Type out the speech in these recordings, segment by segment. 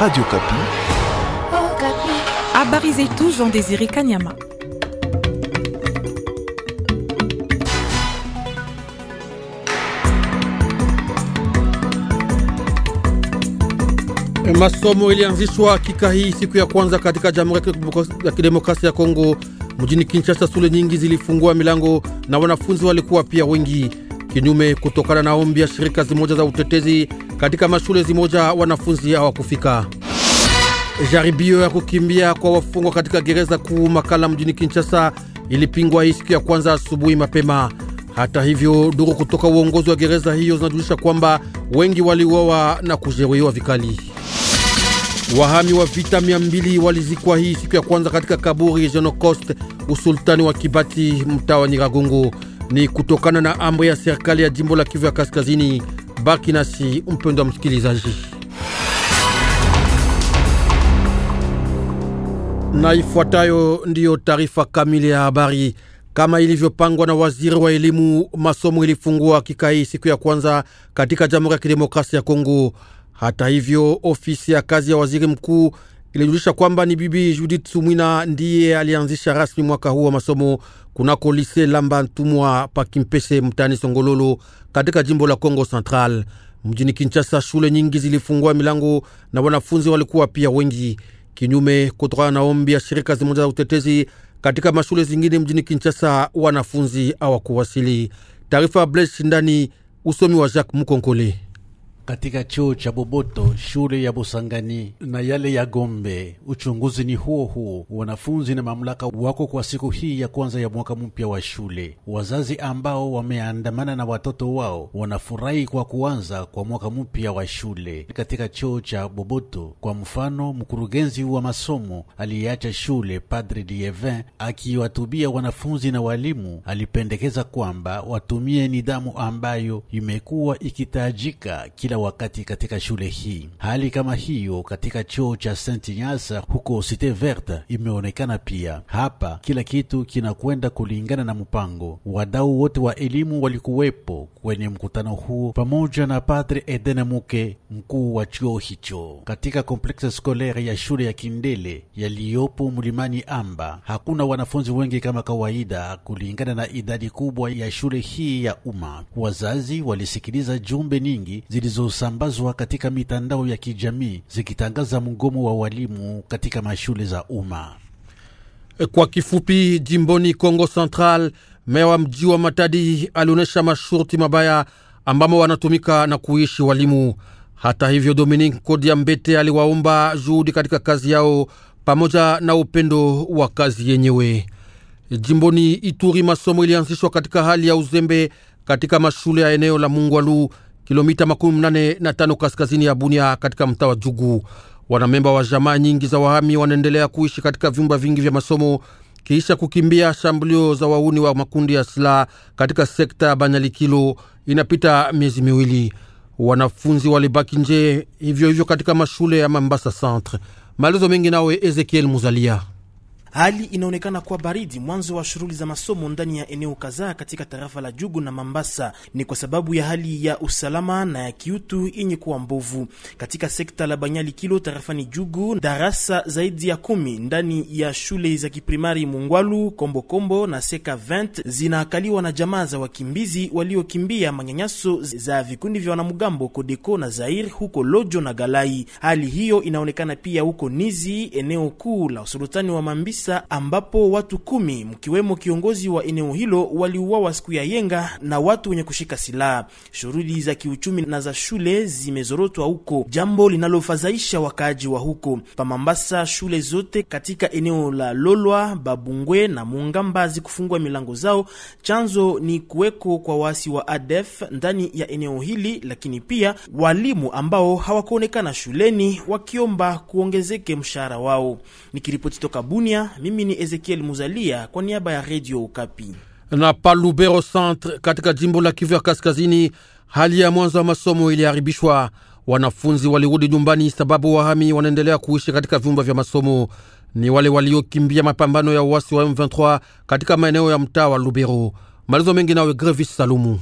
Radio Kapi. Habari zetu Jean Désiré Kanyama. E, masomo ilianzishwa hakika hii siku ya kwanza katika Jamhuri ya Kidemokrasia ya Kongo mjini Kinshasa. Shule nyingi zilifungua milango na wanafunzi walikuwa pia wengi, kinyume kutokana na ombi ya shirika zimoja za utetezi katika mashule zimoja wanafunzi hawakufika. Jaribio ya kukimbia kwa wafungwa katika gereza kuu Makala mjini Kinshasa ilipingwa hii siku ya kwanza asubuhi mapema. Hata hivyo, duru kutoka uongozi wa gereza hiyo zinajulisha kwamba wengi waliuawa na kujeruhiwa vikali. Wahami wa vita mia walizikwa hii siku ya kwanza katika kaburi Jenocost usultani wa Kibati mtaa wa Nyiragongo. Ni kutokana na amri ya serikali ya jimbo la Kivu ya Kaskazini. Baki nasi mpendwa msikilizaji, na ifuatayo ndiyo taarifa kamili ya habari. Kama ilivyopangwa na waziri wa elimu, masomo ilifungua kikai siku ya kwanza katika Jamhuri ya Kidemokrasia ya Kongo. Hata hivyo, ofisi ya kazi ya waziri mkuu ilijulisha kwamba ni Bibi Judith Sumwina ndiye alianzisha rasmi mwaka huu wa masomo kunako lise Lamba Ntumwa pa Kimpese mtaani Songololo katika jimbo la congo Central. Mjini Kinshasa, shule nyingi zilifungua milango na wanafunzi walikuwa pia wengi, kinyume kutokana na ombi ya shirika zimoja za utetezi. Katika mashule zingine mjini Kinshasa, wanafunzi hawakuwasili. Taarifa Blaise Shindani, usomi wa Jacques Mukonkole katika chuo cha Boboto, shule ya Busangani na yale ya Gombe. Uchunguzi ni huo huo. Wanafunzi na mamlaka wako kwa siku hii ya kwanza ya mwaka mpya wa shule. Wazazi ambao wameandamana na watoto wao wanafurahi kwa kuanza kwa mwaka mpya wa shule katika chuo cha Boboto. Kwa mfano, mkurugenzi wa masomo aliyeacha shule Padre Dievin akiwatubia wanafunzi na walimu, alipendekeza kwamba watumie nidhamu ambayo imekuwa ikitajika kila wakati katika shule hii. Hali kama hiyo katika chuo cha Saint Ignace huko Cite Verte imeonekana pia. Hapa kila kitu kinakwenda kulingana na mpango. Wadau wote wa elimu walikuwepo kwenye mkutano huu pamoja na Padre Eden Muke, mkuu wa chuo hicho. Katika kompleksi skolari ya shule ya Kindele yaliyopo mlimani Amba hakuna wanafunzi wengi kama kawaida, kulingana na idadi kubwa ya shule hii ya umma. Wazazi walisikiliza jumbe nyingi zilizo zilizosambazwa katika mitandao ya kijamii zikitangaza mgomo wa walimu katika mashule za umma. Kwa kifupi, jimboni congo Central, meya wa mji wa Matadi alionyesha masharti mabaya ambamo wanatumika na kuishi walimu. Hata hivyo, Dominique Kodia Mbete aliwaomba juhudi katika kazi yao pamoja na upendo wa kazi yenyewe. Jimboni Ituri, masomo ilianzishwa katika hali ya uzembe katika mashule ya eneo la Mungwalu kilomita makumi mnane na tano kaskazini ya Bunia katika mtaa wa Jugu. Wanamemba wa jamaa nyingi za wahami wanaendelea kuishi katika vyumba vingi vya masomo kisha kukimbia shambulio za wauni wa makundi ya silaha katika sekta ya Banyalikilo. Inapita miezi miwili, wanafunzi walibaki nje hivyo hivyo katika mashule ya Mambasa Centre. Maelezo mengi nawe Ezekiel Muzalia. Hali inaonekana kuwa baridi mwanzo wa shughuli za masomo ndani ya eneo kadhaa katika tarafa la Jugu na Mambasa. Ni kwa sababu ya hali ya usalama na ya kiutu yenye kuwa mbovu katika sekta la Banyali Kilo tarafani Jugu. Darasa zaidi ya kumi ndani ya shule za kiprimari Mungwalu, Kombokombo Kombo na Seka 20 zinaakaliwa na jamaa za wakimbizi waliokimbia manyanyaso za vikundi vya wanamgambo Kodeko na Zair huko Lojo na Galai. Hali hiyo inaonekana pia huko Nizi, eneo kuu la usultani wa Mambisa 19 ambapo watu kumi mkiwemo kiongozi wa eneo hilo waliuawa siku ya yenga na watu wenye kushika silaha. Shughuli za kiuchumi na za shule zimezorotwa huko, jambo linalofadhaisha wakaaji wa huko Pamambasa. Shule zote katika eneo la Lolwa, Babungwe na Mungamba zikufungwa milango zao. Chanzo ni kuweko kwa waasi wa ADF ndani ya eneo hili, lakini pia walimu ambao hawakuonekana shuleni wakiomba kuongezeke mshahara wao. Nikiripoti toka Bunia, mimi ni Ezekiel Muzalia kwa niaba ya redio ukapi Na pa Lubero Centre katika jimbo la Kivu ya Kaskazini, hali ya mwanzo wa masomo iliharibishwa. Wanafunzi walirudi nyumbani sababu wahami wanaendelea kuishi katika vyumba vya masomo. Ni wale waliokimbia mapambano ya uasi wa M23 katika maeneo ya mtaa wa Lubero. Malizo mengi nawe Grevis Salumu.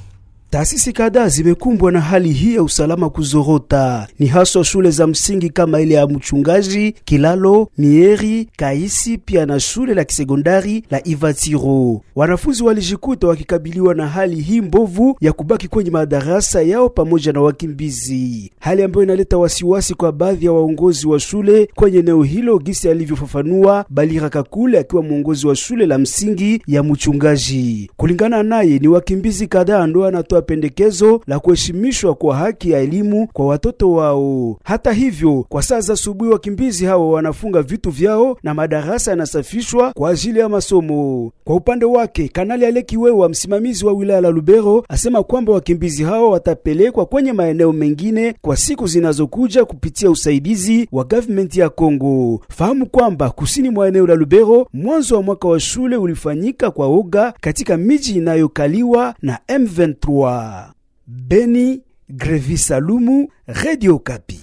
Taasisi kadhaa zimekumbwa na hali hii ya usalama kuzorota, ni haswa shule za msingi kama ile ya Mchungaji, Kilalo, Mieri, Kaisi, pia na shule la kisekondari la Ivatiro. Wanafunzi walijikuta wakikabiliwa na hali hii mbovu ya kubaki kwenye madarasa yao pamoja na wakimbizi, hali ambayo inaleta wasiwasi kwa baadhi ya waongozi wa shule kwenye eneo hilo, gisi alivyofafanua Balira Kakule akiwa mwongozi wa shule la msingi ya Mchungaji. Kulingana naye, ni wakimbizi kadhaa ndio anatoa kutoa pendekezo la kuheshimishwa kwa haki ya elimu kwa watoto wao. Hata hivyo, kwa saa za asubuhi wakimbizi hao wanafunga vitu vyao na madarasa yanasafishwa kwa ajili ya masomo. Kwa upande wake, Kanali Aleki Wewa, msimamizi wa wilaya la Lubero, asema kwamba wakimbizi hao watapelekwa kwenye maeneo mengine kwa siku zinazokuja kupitia usaidizi wa gavumenti ya Kongo. Fahamu kwamba kusini mwa eneo la Lubero, mwanzo wa mwaka wa shule ulifanyika kwa oga katika miji inayokaliwa na M23 kwa Beni, Grevisalumu, Radio Kapi.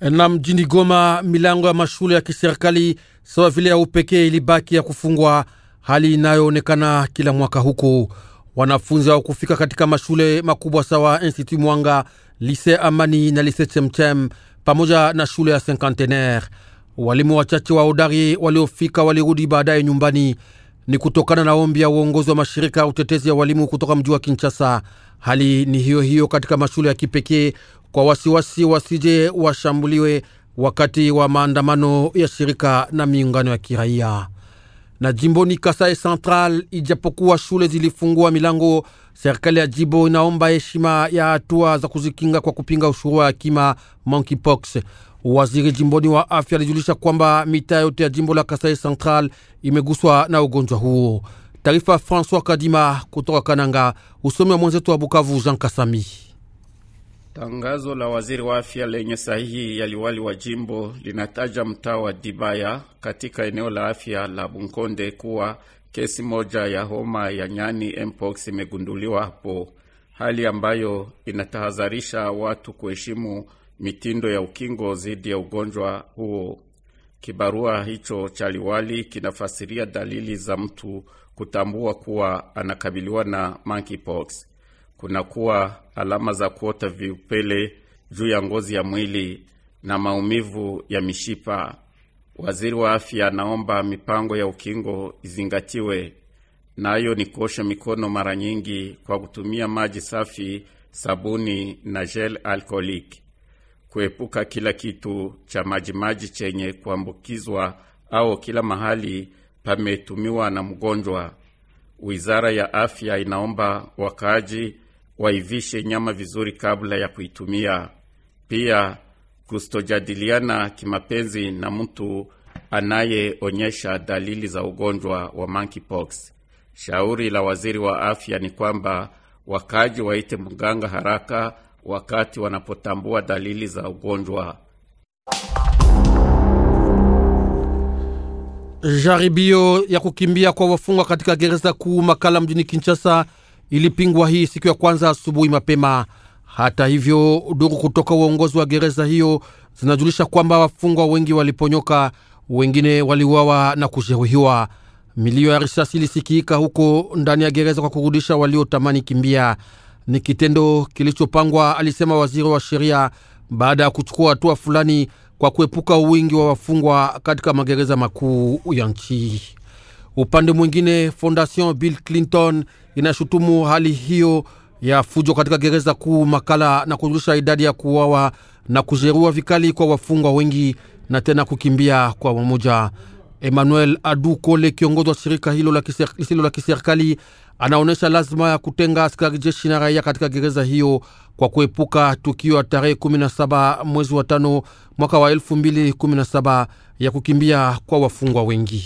Na mjini Goma, milango ya mashule ya kiserikali sawa vile ya upekee ilibaki ya kufungwa, hali inayoonekana kila mwaka huku wanafunzi wa kufika katika mashule makubwa sawa Institut Mwanga, Lise Amani na Lise Chemchem pamoja na shule ya Cinquantenaire. Walimu wachache wa udari waliofika walirudi baadaye nyumbani ni kutokana na ombi ya uongozi wa mashirika ya utetezi ya walimu kutoka mji wa Kinshasa. Hali ni hiyo hiyo katika mashule ya kipekee kwa wasiwasi wasije washambuliwe wakati wa maandamano ya shirika na miungano ya kiraia. Na jimboni Kasai Central, ijapokuwa shule zilifungua milango, serikali ya jimbo inaomba heshima ya hatua za kuzikinga kwa kupinga ushuru wa kima monkeypox. Waziri jimboni wa afya alijulisha kwamba mitaa yote ya jimbo la Kasai Central imeguswa na ugonjwa huo. Taarifa Francois Kadima kutoka Kananga, usomi wa mwenzetu wa Bukavu Jean Kasami. Tangazo la waziri wa afya lenye sahihi ya liwali wa jimbo linataja mtaa wa Dibaya katika eneo la afya la Bunkonde kuwa kesi moja ya homa ya nyani mpox imegunduliwa hapo, hali ambayo inatahadharisha watu kuheshimu mitindo ya ukingo dhidi ya ugonjwa huo. Kibarua hicho cha liwali kinafasiria dalili za mtu kutambua kuwa anakabiliwa na monkeypox. Kunakuwa alama za kuota viupele juu ya ngozi ya mwili na maumivu ya mishipa. Waziri wa afya anaomba mipango ya ukingo izingatiwe, nayo ni kuosha mikono mara nyingi kwa kutumia maji safi, sabuni na gel alcoholic kuepuka kila kitu cha majimaji chenye kuambukizwa au kila mahali pametumiwa na mgonjwa. Wizara ya afya inaomba wakaaji waivishe nyama vizuri kabla ya kuitumia. Pia kustojadiliana kimapenzi na mtu anayeonyesha dalili za ugonjwa wa monkeypox. Shauri la waziri wa afya ni kwamba wakaaji waite mganga haraka wakati wanapotambua dalili za ugonjwa. Jaribio ya kukimbia kwa wafungwa katika gereza kuu Makala mjini Kinshasa ilipingwa hii siku ya kwanza asubuhi mapema. Hata hivyo, duru kutoka uongozi wa gereza hiyo zinajulisha kwamba wafungwa wengi waliponyoka, wengine waliuawa na kujeruhiwa. Milio ya risasi ilisikika huko ndani ya gereza kwa kurudisha waliotamani kimbia ni kitendo kilichopangwa, alisema waziri wa sheria, baada ya kuchukua hatua fulani kwa kuepuka wingi wa wafungwa katika magereza makuu ya nchi. Upande mwingine, Fondation Bill Clinton inashutumu hali hiyo ya fujo katika gereza kuu Makala na kujulisha idadi ya kuuawa na kujeruhiwa vikali kwa wafungwa wengi na tena kukimbia kwa wamoja. Emmanuel Adu Kole, kiongozi wa shirika hilo lisilo la kiserikali, anaonyesha lazima ya kutenga askari jeshi na raia katika gereza hiyo kwa kuepuka tukio ya tarehe 17 mwezi wa tano mwaka wa 2017 ya kukimbia kwa wafungwa wengi.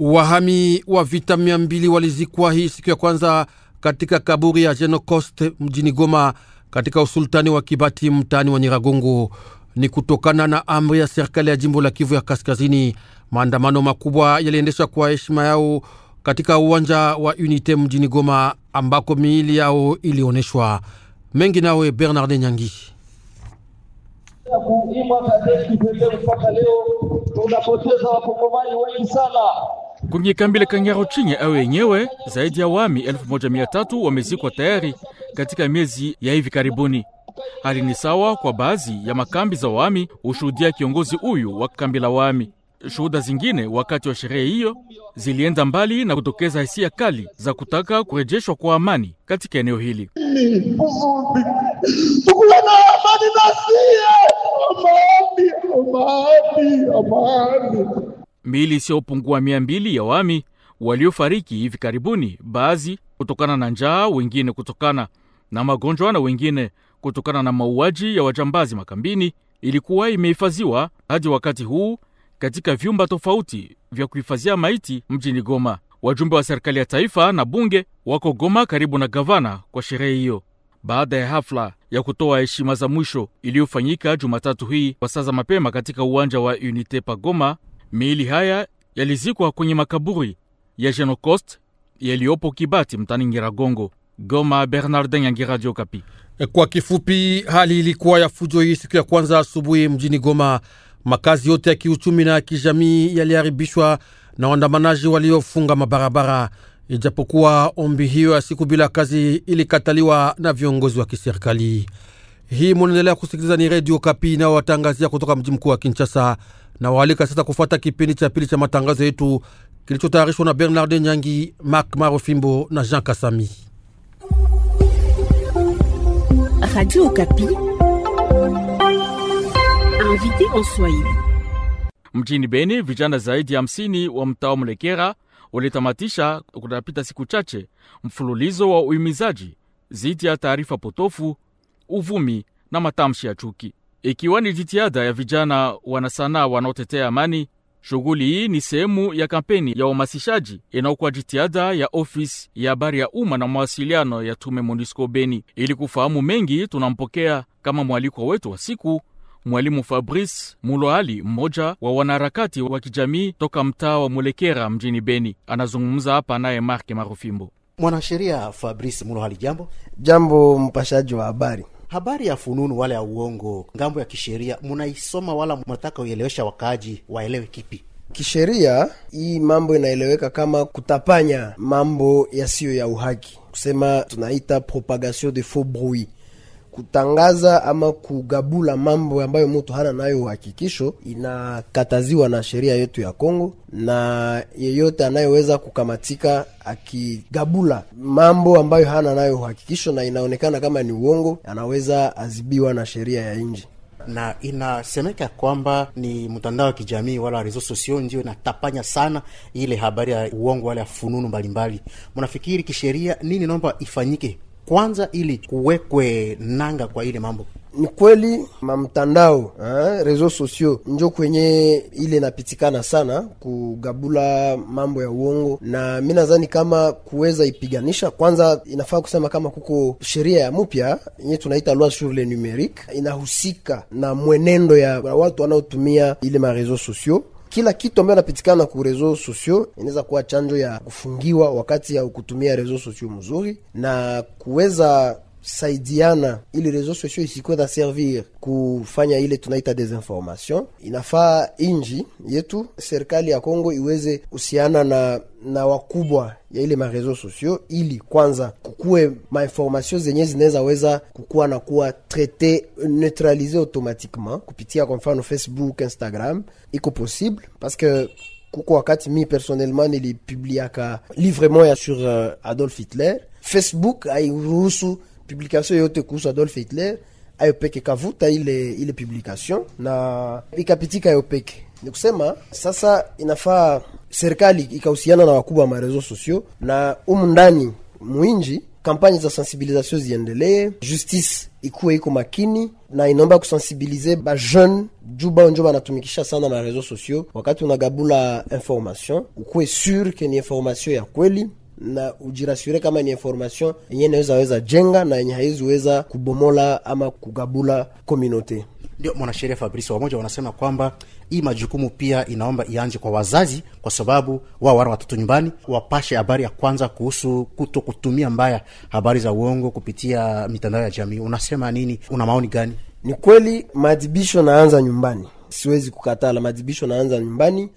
Wahami wa vita mia mbili walizikwa hii siku ya kwanza katika kaburi ya Jenocost mjini Goma katika usultani wa Kibati mtaani wa Nyiragongo ni kutokana na amri ya serikali ya jimbo la Kivu ya Kaskazini. Maandamano makubwa yaliendeshwa kwa heshima yao katika uwanja wa Unite mjini Goma, ambako miili yao ilioneshwa mengi. Nawe Bernarde Nyangi kuimwa kazetu pembeni mpaka leo tunapoteza wakongomani wengi sana kwenye kambi la Kangaro chinye au yenyewe, zaidi ya wami 13 wamezikwa tayari katika miezi ya hivi karibuni. Hali ni sawa kwa baadhi ya makambi za waami, hushuhudia kiongozi huyu wa kambi la wami. Shuhuda zingine wakati wa sherehe hiyo zilienda mbali na kutokeza hisia kali za kutaka kurejeshwa kwa amani katika eneo hili. Miili isiyopungua mia mbili ya wami waliofariki hivi karibuni, baadhi kutokana na njaa, wengine kutokana na magonjwa na wengine kutokana na mauaji ya wajambazi makambini ilikuwa imehifadhiwa hadi wakati huu katika vyumba tofauti vya kuhifadhia maiti mjini Goma. Wajumbe wa serikali ya taifa na bunge wako Goma karibu na gavana kwa sherehe hiyo. Baada ya hafla ya kutoa heshima za mwisho iliyofanyika Jumatatu hii kwa saa za mapema katika uwanja wa Unite pa Goma, miili haya yalizikwa kwenye makaburi ya Jenocost yaliyopo Kibati mtani Ngiragongo, Goma. Bernardin Yangi, Radio Kapi. Eh, kwa kifupi, hali ilikuwa ya fujo hii siku ya kwanza asubuhi mjini Goma. Makazi yote ya kiuchumi na ya kijamii yaliharibishwa na waandamanaji waliofunga mabarabara, ijapokuwa ombi hiyo ya siku bila kazi ilikataliwa na viongozi wa kiserikali. Hii munaendelea kusikiliza, ni Redio Kapi inayowatangazia kutoka mji mkuu wa Kinshasa na waalika sasa kufuata kipindi cha pili cha matangazo yetu kilichotayarishwa na Bernard Nyangi, Mark Marofimbo na Jean Kasami. Radio Okapi, invité en Swahili. Mjini Beni, vijana zaidi ya hamsini wa mtaa Mlekera walitamatisha kunapita siku chache mfululizo wa uhimizaji dhidi ya taarifa potofu, uvumi na matamshi ya chuki, ikiwa ni jitihada ya vijana wanasanaa wanaotetea amani Shughuli hii ni sehemu ya kampeni ya uhamasishaji inayokuwa jitihada ya ofisi ya habari ya umma na mawasiliano ya tume MONUSCO Beni. Ili kufahamu mengi, tunampokea kama mwalikwa wetu wa siku mwalimu Fabrice Muloali, mmoja wa wanaharakati wa kijamii toka mtaa wa Mulekera mjini Beni. Anazungumza hapa naye Marke Marufimbo, mwanasheria Fabrice Muloali. Jambo jambo, mpashaji wa habari habari ya fununu wala ya uongo, ngambo ya kisheria munaisoma wala mnataka uelewesha wakaaji waelewe kipi? Kisheria hii mambo inaeleweka kama kutapanya mambo yasiyo ya uhaki, kusema tunaita propagation de faux bruit kutangaza ama kugabula mambo ambayo mtu hana nayo uhakikisho inakataziwa na sheria yetu ya Kongo, na yeyote anayeweza kukamatika akigabula mambo ambayo hana nayo uhakikisho na inaonekana kama ni uongo, anaweza azibiwa na sheria ya nchi na inasemeka kwamba ni mtandao wa kijamii wala reseaux sosio ndio inatapanya sana ile habari ya uongo wala ya fununu mbalimbali. Mnafikiri kisheria nini naomba ifanyike kwanza ili kuwekwe nanga kwa ile mambo. Ni kweli mamtandao eh, reseaux sociaux njo kwenye ile napitikana sana kugabula mambo ya uongo, na mi nadhani kama kuweza ipiganisha, kwanza inafaa kusema kama kuko sheria ya mupya yenye tunaita loi sur le numerique inahusika na mwenendo ya watu wanaotumia ile mareseaux sociaux kila kitu ambayo inapitikana ku reseaux sociaux inaweza kuwa chanjo ya kufungiwa wakati ya kutumia reseaux sociaux mzuri na kuweza Saidiana, ili reseau sociaux isikweza servir kufanya ile tunaita desinformation. Inafaa inji yetu serikali ya Kongo iweze usiana na na wakubwa ya ile mareseau sociaux, ili kwanza kukuwe mainformation zenye zinaweza weza kukuwa na kuwa traite neutralize automatiquement kupitia kwa mfano Facebook, Instagram, iko possible parce que kuko wakati mi personnellement nilipubliaka livrement ya sur euh, Adolf Hitler. Facebook hairuhusu publication yote kuhusu Adolf Hitler ayo peke kavuta ile, ile publication na ikapitika ayo Ni kusema sasa inafaa serikali ikahusiana na wakubwa wa marezo sosio na umu ndani mwinji kampanye za sensibilisation ziendelee, justice ikuwe iko makini na inaomba kusensibilize ba jeune juba njo banatumikisha sana ma reseaux sociaux. Wakati unagabula information, ukuwe sur ke ni information ya kweli na ujirasure kama ni information yenye inaweza weza jenga na yenye weza kubomola ama kugabula komunote. Ndio mwanasheria Fabrice, wamoja wanasema kwamba hii majukumu pia inaomba ianje kwa wazazi, kwa sababu wao wana watoto nyumbani, wapashe habari ya kwanza kuhusu kuto kutumia mbaya habari za uongo kupitia mitandao ya jamii. Unasema nini? Una maoni gani? Ni kweli maadhibisho naanza nyumbani, siwezi kukataa la maadhibisho naanza nyumbani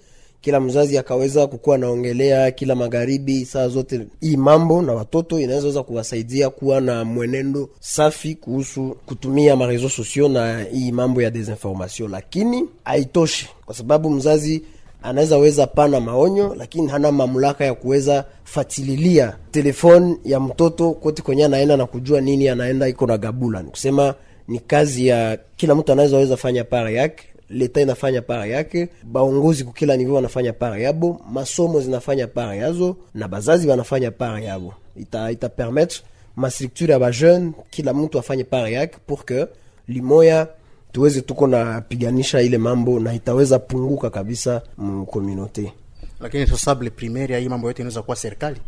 kila mzazi akaweza kukuwa naongelea kila magharibi saa zote hii mambo na watoto inawezaweza kuwasaidia kuwa na mwenendo safi kuhusu kutumia marezo sosio na hii mambo ya desinformation, lakini haitoshi kwa sababu mzazi anaweza weza pana maonyo lakini hana mamlaka ya kuweza fatililia telefoni ya mtoto koti kwenye anaenda na kujua nini anaenda iko na gabula. Ni kusema ni kazi ya kila mtu anaweza weza fanya para yake leta inafanya para yake, baongozi kukila nivyo wanafanya para yabo, masomo zinafanya para yazo na bazazi wanafanya para yabo. Ita, ita permettre mastrukture ya bajeune kila mtu afanye para yake pour que limoya tuweze tuko na piganisha ile mambo na itaweza punguka kabisa mukomunote. Lakini responsable primaire ya hii mambo yote inaweza kuwa serikali.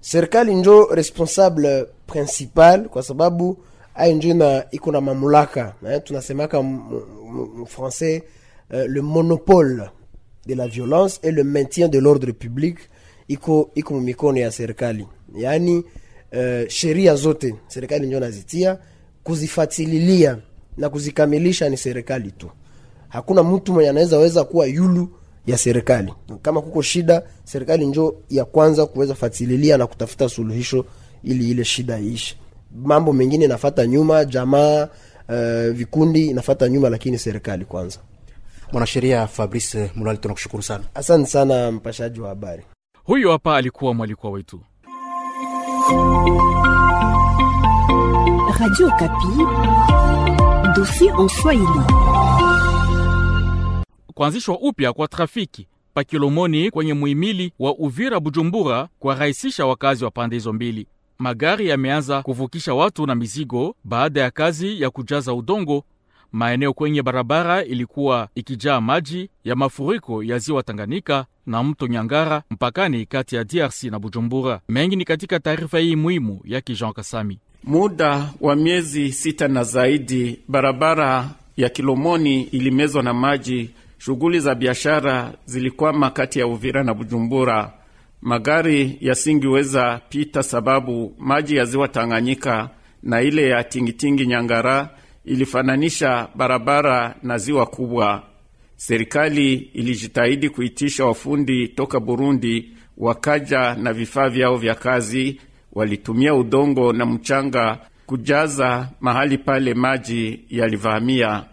Serikali njo responsable principal kwa sababu hayo njo iko na mamlaka eh, tunasemaka français euh, le monopole de la violence et le maintien de l'ordre public iko iko mumikono ya serikali yaani uh, sheria zote serikali ndio nazitia kuzifatililia na kuzikamilisha ni serikali tu hakuna mtu mwenye anaweza weza kuwa yulu ya serikali kama kuko shida serikali njo ya kwanza kuweza fatililia na kutafuta suluhisho ili ile shida iishe mambo mengine inafata nyuma, jamaa uh, vikundi inafata nyuma, lakini serikali kwanza. Mwanasheria Fabrice Mulali, tunakushukuru sana. Asante sana mpashaji wa habari. Huyu hapa alikuwa mwalikwa wetu Kuanzishwa upya kwa trafiki pakilomoni kwenye muimili wa Uvira Bujumbura kwarahisisha wakazi wa pande hizo mbili magari yameanza kuvukisha watu na mizigo baada ya kazi ya kujaza udongo. Maeneo kwenye barabara ilikuwa ikijaa maji ya mafuriko ya ziwa Tanganyika na mto Nyangara mpakani kati ya DRC na Bujumbura. Mengi ni katika taarifa hii muhimu ya Kijean Kasami. Muda wa miezi sita na zaidi, barabara ya Kilomoni ilimezwa na maji. Shughuli za biashara zilikwama kati ya Uvira na Bujumbura magari yasingiweza pita, sababu maji ya ziwa Tanganyika na ile ya tingitingi Nyangara ilifananisha barabara na ziwa kubwa. Serikali ilijitahidi kuitisha wafundi toka Burundi, wakaja na vifaa vyao vya kazi. Walitumia udongo na mchanga kujaza mahali pale maji yalivahamia.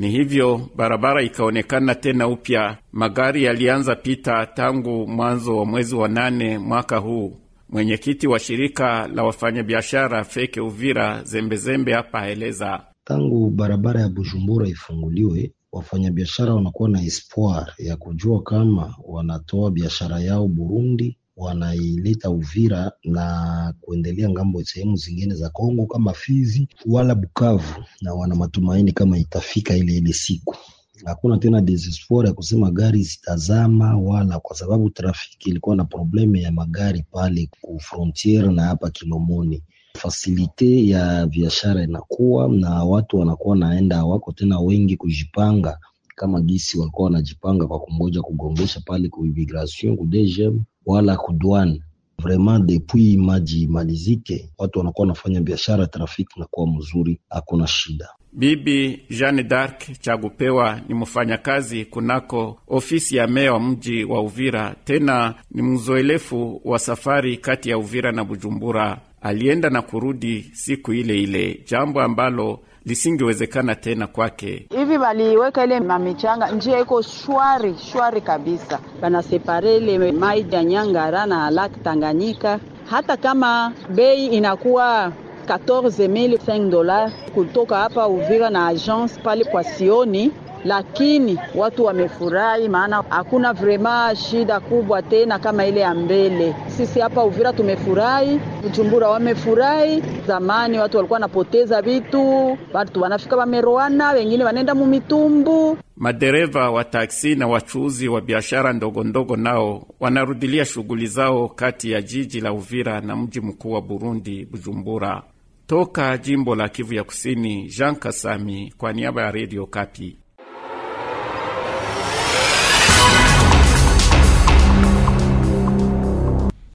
Ni hivyo barabara ikaonekana tena upya. Magari yalianza pita tangu mwanzo wa mwezi wa nane mwaka huu. Mwenyekiti wa shirika la wafanyabiashara Feke Uvira Zembezembe hapa aeleza. Tangu barabara ya Bujumbura ifunguliwe, wafanyabiashara wanakuwa na espoir ya kujua kama wanatoa biashara yao Burundi wanaileta Uvira na kuendelea ngambo sehemu zingine za Kongo kama Fizi wala Bukavu, na wana matumaini kama itafika ile ile siku. Hakuna tena desespoir ya kusema gari zitazama wala, kwa sababu trafiki ilikuwa na probleme ya magari pale ku frontiere na hapa Kilomoni fasilite ya biashara inakuwa na watu wanakuwa naenda, wako tena wengi kujipanga kama gisi walikuwa wanajipanga kwa kungoja kugongesha pale ku immigration ku DGM, wala kuduana vraiment depuis maji imalizike, watu wanakuwa wanafanya biashara, trafiki nakuwa mzuri, hakuna shida. Bibi Jeanne d'Arc Chagupewa ni mfanyakazi kunako ofisi ya meya wa mji wa Uvira, tena ni mzoelefu wa safari kati ya Uvira na Bujumbura. Alienda na kurudi siku ile ile, jambo ambalo lisingewezekana tena kwake. Hivi waliweka ile mamichanga, njia iko shwari shwari kabisa, wanasepare ile mai ya Nyangara na lak Tanganyika, hata kama bei inakuwa 14,500 dola kutoka hapa Uvira na agence pale kwa Sioni lakini watu wamefurahi, maana hakuna vrema shida kubwa tena kama ile ya mbele. Sisi hapa Uvira tumefurahi, Bujumbura wamefurahi. Zamani watu walikuwa wanapoteza vitu, watu wanafika wameroana, wengine wanaenda mumitumbu. Madereva wa taksi na wachuuzi wa biashara ndogo ndogo nao wanarudilia shughuli zao kati ya jiji la Uvira na mji mkuu wa Burundi, Bujumbura. Toka jimbo la Kivu ya Kusini, Jean Kasami kwa niaba ya Radio Kapi.